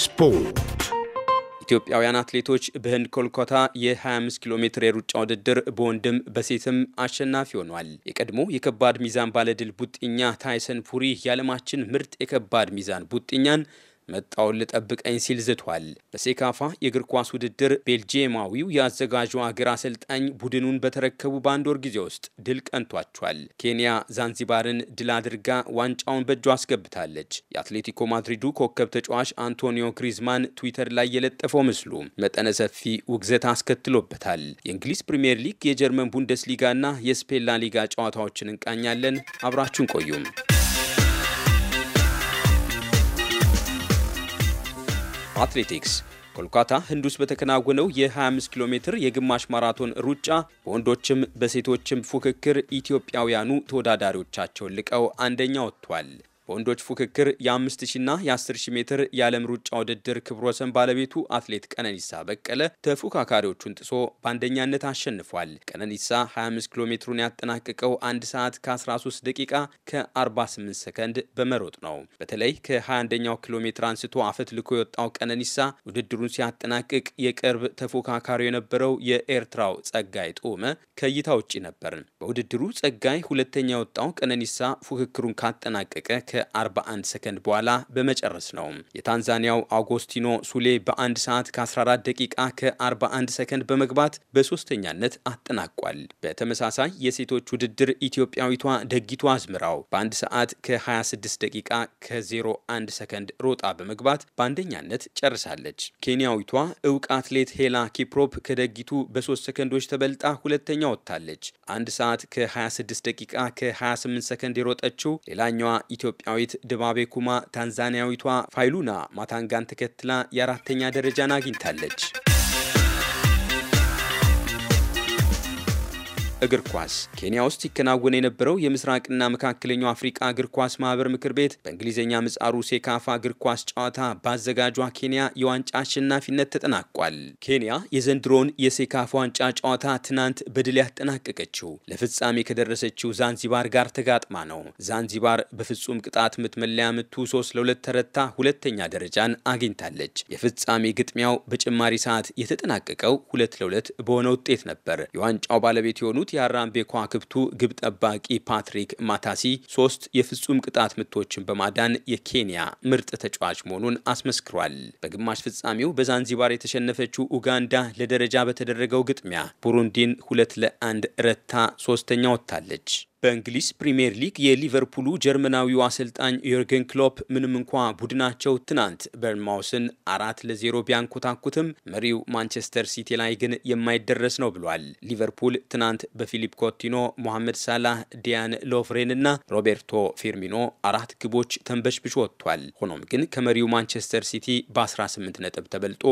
ስፖርት ኢትዮጵያውያን አትሌቶች በህንድ ኮልኮታ የ25 ኪሎ ሜትር የሩጫ ውድድር በወንድም በሴትም አሸናፊ ሆኗል። የቀድሞ የከባድ ሚዛን ባለድል ቡጥኛ ታይሰን ፑሪ የዓለማችን ምርጥ የከባድ ሚዛን ቡጥኛን መጣውን ልጠብቀኝ ሲል ዝቷል። በሴካፋ የእግር ኳስ ውድድር ቤልጂየማዊው የአዘጋጁ አገር አሰልጣኝ ቡድኑን በተረከቡ በአንድ ወር ጊዜ ውስጥ ድል ቀንቷቸዋል። ኬንያ ዛንዚባርን ድል አድርጋ ዋንጫውን በእጁ አስገብታለች። የአትሌቲኮ ማድሪዱ ኮከብ ተጫዋች አንቶኒዮ ግሪዝማን ትዊተር ላይ የለጠፈው ምስሉ መጠነ ሰፊ ውግዘት አስከትሎበታል። የእንግሊዝ ፕሪምየር ሊግ፣ የጀርመን ቡንደስሊጋ እና የስፔን ሊጋ ጨዋታዎችን እንቃኛለን። አብራችሁን ቆዩም አትሌቲክስ ኮልካታ ህንድ ውስጥ በተከናወነው የ25 ኪሎ ሜትር የግማሽ ማራቶን ሩጫ በወንዶችም በሴቶችም ፉክክር ኢትዮጵያውያኑ ተወዳዳሪዎቻቸውን ልቀው አንደኛ ወጥቷል። በወንዶች ፉክክር የ5000ና የ10000 ሜትር የዓለም ሩጫ ውድድር ክብረ ወሰን ባለቤቱ አትሌት ቀነኒሳ በቀለ ተፎካካሪዎቹን ጥሶ በአንደኛነት አሸንፏል። ቀነኒሳ 25 ኪሎ ሜትሩን ያጠናቀቀው 1 ሰዓት ከ13 ደቂቃ ከ48 ሰከንድ በመሮጥ ነው። በተለይ ከ21ኛው ኪሎ ሜትር አንስቶ አፈት ልኮ የወጣው ቀነኒሳ ውድድሩን ሲያጠናቅቅ የቅርብ ተፎካካሪ የነበረው የኤርትራው ጸጋይ ጦመ ከእይታ ውጪ ነበር። በውድድሩ ጸጋይ ሁለተኛ የወጣው ቀነኒሳ ፉክክሩን ካጠናቀቀ ከ41 ሰከንድ በኋላ በመጨረስ ነው። የታንዛኒያው አውጎስቲኖ ሱሌ በ1 ሰዓት ከ14 ደቂቃ ከ41 ሰከንድ በመግባት በሶስተኛነት አጠናቋል። በተመሳሳይ የሴቶች ውድድር ኢትዮጵያዊቷ ደጊቱ አዝምራው በአንድ ሰዓት ከ26 ደቂቃ ከ01 ሰከንድ ሮጣ በመግባት በአንደኛነት ጨርሳለች። ኬንያዊቷ እውቅ አትሌት ሄላ ኪፕሮፕ ከደጊቱ በሶስት ሰከንዶች ተበልጣ ሁለተኛ ወጥታለች። አንድ ሰዓት ከ26 ደቂቃ ከ28 ሰከንድ የሮጠችው ሌላኛዋ ኢትዮጵያ ኢትዮጵያዊት ድባቤ ኩማ ታንዛኒያዊቷ ፋይሉና ማታንጋን ተከትላ የአራተኛ ደረጃን አግኝታለች። እግር ኳስ ኬንያ ውስጥ ይከናወን የነበረው የምስራቅና መካከለኛው አፍሪቃ እግር ኳስ ማህበር ምክር ቤት በእንግሊዝኛ ምጻሩ ሴካፋ እግር ኳስ ጨዋታ ባዘጋጇ ኬንያ የዋንጫ አሸናፊነት ተጠናቋል። ኬንያ የዘንድሮውን የሴካፋ ዋንጫ ጨዋታ ትናንት በድል ያጠናቀቀችው ለፍጻሜ ከደረሰችው ዛንዚባር ጋር ተጋጥማ ነው። ዛንዚባር በፍጹም ቅጣት ምት መለያ ምቱ 3 ለ2 ተረታ ሁለተኛ ደረጃን አግኝታለች። የፍጻሜ ግጥሚያው በጭማሪ ሰዓት የተጠናቀቀው ሁለት ለሁለት በሆነ ውጤት ነበር። የዋንጫው ባለቤት የሆኑት የአራምቤ ከዋክብቱ ግብ ጠባቂ ፓትሪክ ማታሲ ሶስት የፍጹም ቅጣት ምቶችን በማዳን የኬንያ ምርጥ ተጫዋች መሆኑን አስመስክሯል። በግማሽ ፍጻሜው በዛንዚባር የተሸነፈችው ኡጋንዳ ለደረጃ በተደረገው ግጥሚያ ቡሩንዲን ሁለት ለአንድ ረታ ሶስተኛ ወጥታለች። በእንግሊዝ ፕሪምየር ሊግ የሊቨርፑሉ ጀርመናዊው አሰልጣኝ ዮርገን ክሎፕ ምንም እንኳ ቡድናቸው ትናንት በርንማውስን አራት ለዜሮ ቢያንኮታኩትም መሪው ማንቸስተር ሲቲ ላይ ግን የማይደረስ ነው ብሏል። ሊቨርፑል ትናንት በፊሊፕ ኮቲኖ፣ ሞሐመድ ሳላህ፣ ዲያን ሎቭሬን እና ሮቤርቶ ፊርሚኖ አራት ግቦች ተንበሽብሽ ወጥቷል። ሆኖም ግን ከመሪው ማንቸስተር ሲቲ በ18 ነጥብ ተበልጦ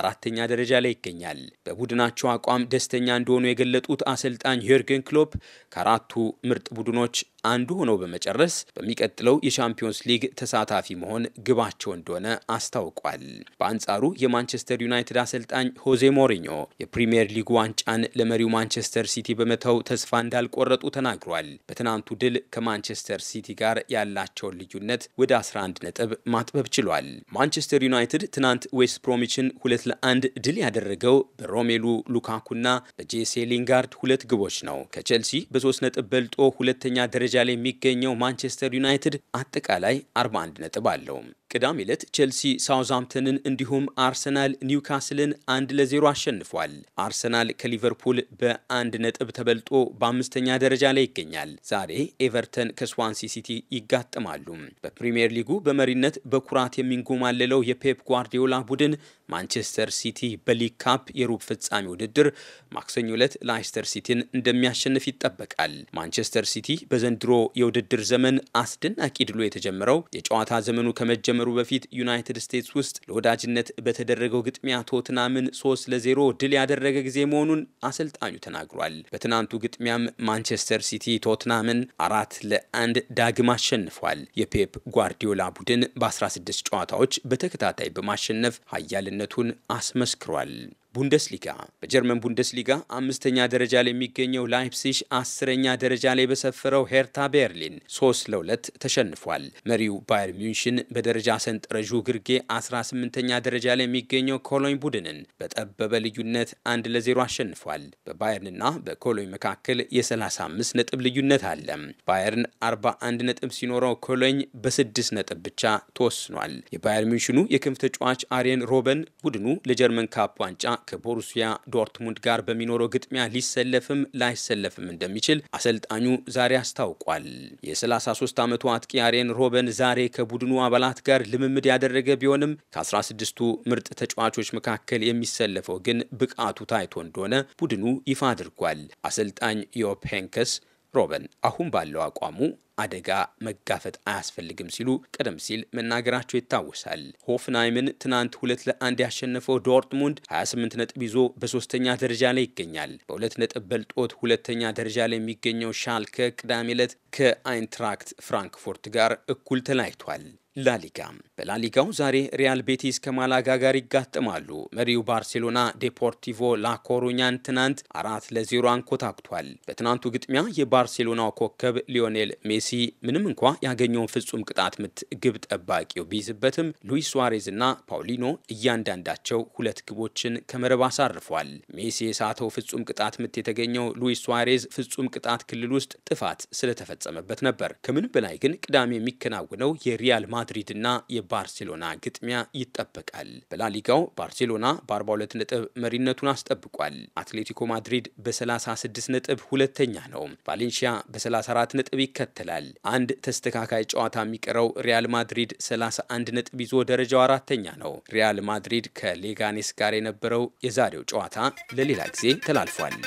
አራተኛ ደረጃ ላይ ይገኛል። በቡድናቸው አቋም ደስተኛ እንደሆኑ የገለጡት አሰልጣኝ ዮርገን ክሎፕ ከአራቱ ምርጥ ቡድኖች አንዱ ሆነው በመጨረስ በሚቀጥለው የቻምፒዮንስ ሊግ ተሳታፊ መሆን ግባቸው እንደሆነ አስታውቋል። በአንጻሩ የማንቸስተር ዩናይትድ አሰልጣኝ ሆዜ ሞሪኞ የፕሪምየር ሊግ ዋንጫን ለመሪው ማንቸስተር ሲቲ በመተው ተስፋ እንዳልቆረጡ ተናግሯል። በትናንቱ ድል ከማንቸስተር ሲቲ ጋር ያላቸውን ልዩነት ወደ 11 ነጥብ ማጥበብ ችሏል። ማንቸስተር ዩናይትድ ትናንት ዌስት ፕሮሚችን ሁለት ለአንድ ድል ያደረገው በሮሜሉ ሉካኩና በጄሴ ሊንጋርድ ሁለት ግቦች ነው። ከቼልሲ በሶስት ነጥብ በልጦ ሁለተኛ ደረጃ ደረጃ ላይ የሚገኘው ማንቸስተር ዩናይትድ አጠቃላይ 41 ነጥብ አለው። ቅዳሜ ዕለት ቼልሲ ሳውዝሃምፕተንን እንዲሁም አርሰናል ኒውካስልን አንድ ለዜሮ አሸንፏል። አርሰናል ከሊቨርፑል በአንድ ነጥብ ተበልጦ በአምስተኛ ደረጃ ላይ ይገኛል። ዛሬ ኤቨርተን ከስዋንሲ ሲቲ ይጋጠማሉ። በፕሪምየር ሊጉ በመሪነት በኩራት የሚንጎማለለው የፔፕ ጓርዲዮላ ቡድን ማንቸስተር ሲቲ በሊግ ካፕ የሩብ ፍጻሜ ውድድር ማክሰኞ ዕለት ላይስተር ሲቲን እንደሚያሸንፍ ይጠበቃል። ማንቸስተር ሲቲ በዘንድሮ የውድድር ዘመን አስደናቂ ድሎ የተጀመረው የጨዋታ ዘመኑ ከመጀመ ከመጀመሩ በፊት ዩናይትድ ስቴትስ ውስጥ ለወዳጅነት በተደረገው ግጥሚያ ቶትናምን ሶስት ለዜሮ ድል ያደረገ ጊዜ መሆኑን አሰልጣኙ ተናግሯል። በትናንቱ ግጥሚያም ማንቸስተር ሲቲ ቶትናምን አራት ለአንድ ዳግም አሸንፏል። የፔፕ ጓርዲዮላ ቡድን በ16 ጨዋታዎች በተከታታይ በማሸነፍ ኃያልነቱን አስመስክሯል። ቡንደስሊጋ በጀርመን ቡንደስሊጋ አምስተኛ ደረጃ ላይ የሚገኘው ላይፕሲሽ አስረኛ ደረጃ ላይ በሰፈረው ሄርታ ቤርሊን ሶስት ለሁለት ተሸንፏል። መሪው ባየር ሚንሽን በደረጃ ሰንጠረዡ ግርጌ 18ኛ ደረጃ ላይ የሚገኘው ኮሎኝ ቡድንን በጠበበ ልዩነት አንድ ለዜሮ አሸንፏል። በባየርንና በኮሎኝ መካከል የ35 ነጥብ ልዩነት አለ። ባየርን 41 ነጥብ ሲኖረው ኮሎኝ በስድስት ነጥብ ብቻ ተወስኗል። የባየር ሚንሽኑ የክንፍ ተጫዋች አሪየን ሮበን ቡድኑ ለጀርመን ካፕ ዋንጫ ከቦሩሲያ ዶርትሙንድ ጋር በሚኖረው ግጥሚያ ሊሰለፍም ላይሰለፍም እንደሚችል አሰልጣኙ ዛሬ አስታውቋል። የ33 ዓመቱ አጥቂ አሬን ሮበን ዛሬ ከቡድኑ አባላት ጋር ልምምድ ያደረገ ቢሆንም ከ16ቱ ምርጥ ተጫዋቾች መካከል የሚሰለፈው ግን ብቃቱ ታይቶ እንደሆነ ቡድኑ ይፋ አድርጓል። አሰልጣኝ ዮፕ ሄንከስ ሮበን አሁን ባለው አቋሙ አደጋ መጋፈጥ አያስፈልግም ሲሉ ቀደም ሲል መናገራቸው ይታወሳል። ሆፍንሃይምን ትናንት ሁለት ለአንድ ያሸነፈው ዶርትሙንድ 28 ነጥብ ይዞ በሶስተኛ ደረጃ ላይ ይገኛል። በሁለት ነጥብ በልጦት ሁለተኛ ደረጃ ላይ የሚገኘው ሻልከ ቅዳሜ ዕለት ከአይንትራክት ፍራንክፉርት ጋር እኩል ተለያይቷል። ላሊጋ በላሊጋው ዛሬ ሪያል ቤቲስ ከማላጋ ጋር ይጋጥማሉ። መሪው ባርሴሎና ዴፖርቲቮ ላኮሩኛን ትናንት አራት ለዜሮ አንኮታክቷል። በትናንቱ ግጥሚያ የባርሴሎናው ኮከብ ሊዮኔል ሜሲ ምንም እንኳ ያገኘውን ፍጹም ቅጣት ምት ግብ ጠባቂው ቢይዝበትም ሉዊስ ሱዋሬዝ እና ፓውሊኖ እያንዳንዳቸው ሁለት ግቦችን ከመረብ አሳርፏል። ሜሲ የሳተው ፍጹም ቅጣት ምት የተገኘው ሉዊስ ሱዋሬዝ ፍጹም ቅጣት ክልል ውስጥ ጥፋት ስለተፈጸመበት ነበር። ከምን በላይ ግን ቅዳሜ የሚከናወነው የሪያል ማ ማድሪድ እና የባርሴሎና ግጥሚያ ይጠበቃል። በላሊጋው ባርሴሎና በ42 ነጥብ መሪነቱን አስጠብቋል። አትሌቲኮ ማድሪድ በ36 ነጥብ ሁለተኛ ነው። ቫሌንሺያ በ34 ነጥብ ይከተላል። አንድ ተስተካካይ ጨዋታ የሚቀረው ሪያል ማድሪድ 31 ነጥብ ይዞ ደረጃው አራተኛ ነው። ሪያል ማድሪድ ከሌጋኔስ ጋር የነበረው የዛሬው ጨዋታ ለሌላ ጊዜ ተላልፏል።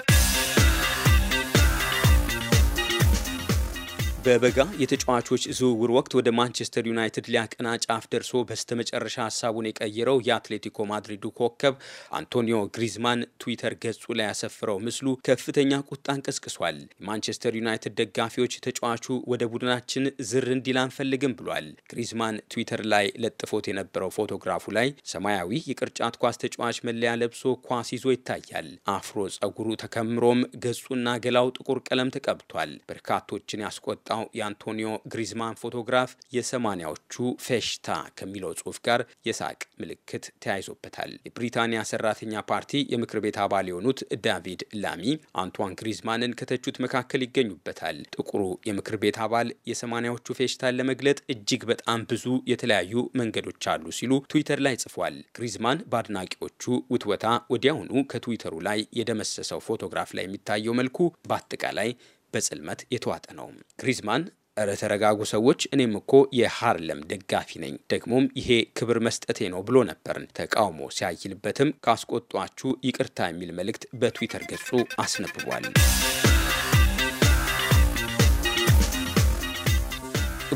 በበጋ የተጫዋቾች ዝውውር ወቅት ወደ ማንቸስተር ዩናይትድ ሊያቀና ጫፍ ደርሶ በስተመጨረሻ ሀሳቡን የቀየረው የአትሌቲኮ ማድሪዱ ኮከብ አንቶኒዮ ግሪዝማን ትዊተር ገጹ ላይ ያሰፍረው ምስሉ ከፍተኛ ቁጣን ቀስቅሷል። የማንቸስተር ዩናይትድ ደጋፊዎች ተጫዋቹ ወደ ቡድናችን ዝር እንዲል አንፈልግም ብሏል። ግሪዝማን ትዊተር ላይ ለጥፎት የነበረው ፎቶግራፉ ላይ ሰማያዊ የቅርጫት ኳስ ተጫዋች መለያ ለብሶ ኳስ ይዞ ይታያል። አፍሮ ጸጉሩ ተከምሮም ገጹና ገላው ጥቁር ቀለም ተቀብቷል። በርካቶችን ያስቆጣ የወጣው የአንቶኒዮ ግሪዝማን ፎቶግራፍ የሰማኒያዎቹ ፌሽታ ከሚለው ጽሁፍ ጋር የሳቅ ምልክት ተያይዞበታል። የብሪታንያ ሰራተኛ ፓርቲ የምክር ቤት አባል የሆኑት ዳቪድ ላሚ አንቷን ግሪዝማንን ከተቹት መካከል ይገኙበታል። ጥቁሩ የምክር ቤት አባል የሰማኒያዎቹ ፌሽታን ለመግለጥ እጅግ በጣም ብዙ የተለያዩ መንገዶች አሉ ሲሉ ትዊተር ላይ ጽፏል። ግሪዝማን በአድናቂዎቹ ውትወታ ወዲያውኑ ከትዊተሩ ላይ የደመሰሰው ፎቶግራፍ ላይ የሚታየው መልኩ በአጠቃላይ በጽልመት የተዋጠ ነው። ግሪዝማን እረ ተረጋጉ ሰዎች፣ እኔም እኮ የሃርለም ደጋፊ ነኝ፣ ደግሞም ይሄ ክብር መስጠቴ ነው ብሎ ነበር። ተቃውሞ ሲያይልበትም ካስቆጧችሁ ይቅርታ የሚል መልእክት በትዊተር ገጹ አስነብቧል።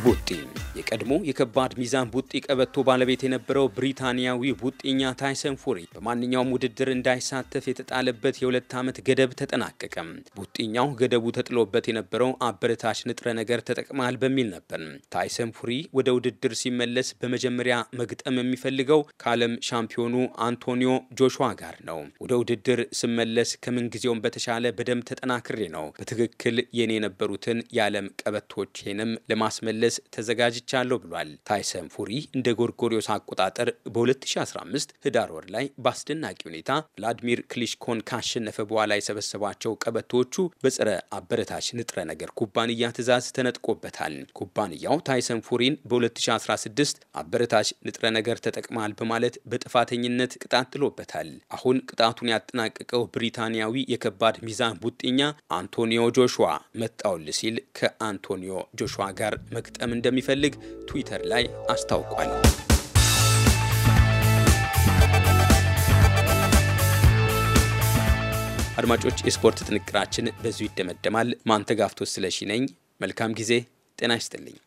ቡጢም የቀድሞ የከባድ ሚዛን ቡጢ ቀበቶ ባለቤት የነበረው ብሪታንያዊ ቡጢኛ ታይሰን ፉሪ በማንኛውም ውድድር እንዳይሳተፍ የተጣለበት የሁለት ዓመት ገደብ ተጠናቀቀ። ቡጢኛው ገደቡ ተጥሎበት የነበረው አበረታች ንጥረ ነገር ተጠቅማል በሚል ነበር። ታይሰን ፉሪ ወደ ውድድር ሲመለስ በመጀመሪያ መግጠም የሚፈልገው ከዓለም ሻምፒዮኑ አንቶኒዮ ጆሹዋ ጋር ነው። ወደ ውድድር ስመለስ ከምንጊዜውም በተሻለ በደንብ ተጠናክሬ ነው በትክክል የኔ የነበሩትን የዓለም ቀበቶቼንም ለማስመለስ ተዘጋጅ ተዘጋጅቻለሁ ብሏል። ታይሰን ፉሪ እንደ ጎርጎሪዮስ አቆጣጠር በ2015 ህዳር ወር ላይ በአስደናቂ ሁኔታ ቭላድሚር ክሊሽኮን ካሸነፈ በኋላ የሰበሰቧቸው ቀበቶዎቹ በጸረ አበረታች ንጥረ ነገር ኩባንያ ትዕዛዝ ተነጥቆበታል። ኩባንያው ታይሰን ፉሪን በ2016 አበረታች ንጥረ ነገር ተጠቅማል በማለት በጥፋተኝነት ቅጣት ጥሎበታል። አሁን ቅጣቱን ያጠናቀቀው ብሪታንያዊ የከባድ ሚዛን ቡጤኛ አንቶኒዮ ጆሹዋ መጣውል ሲል ከአንቶኒዮ ጆሹዋ ጋር መግጠም እንደሚፈልግ እንደሚፈልግ ትዊተር ላይ አስታውቋል። አድማጮች፣ የስፖርት ጥንቅራችን በዚሁ ይደመደማል። ማንተጋፍቶ ስለሺ ነኝ። መልካም ጊዜ። ጤና ይስጥልኝ።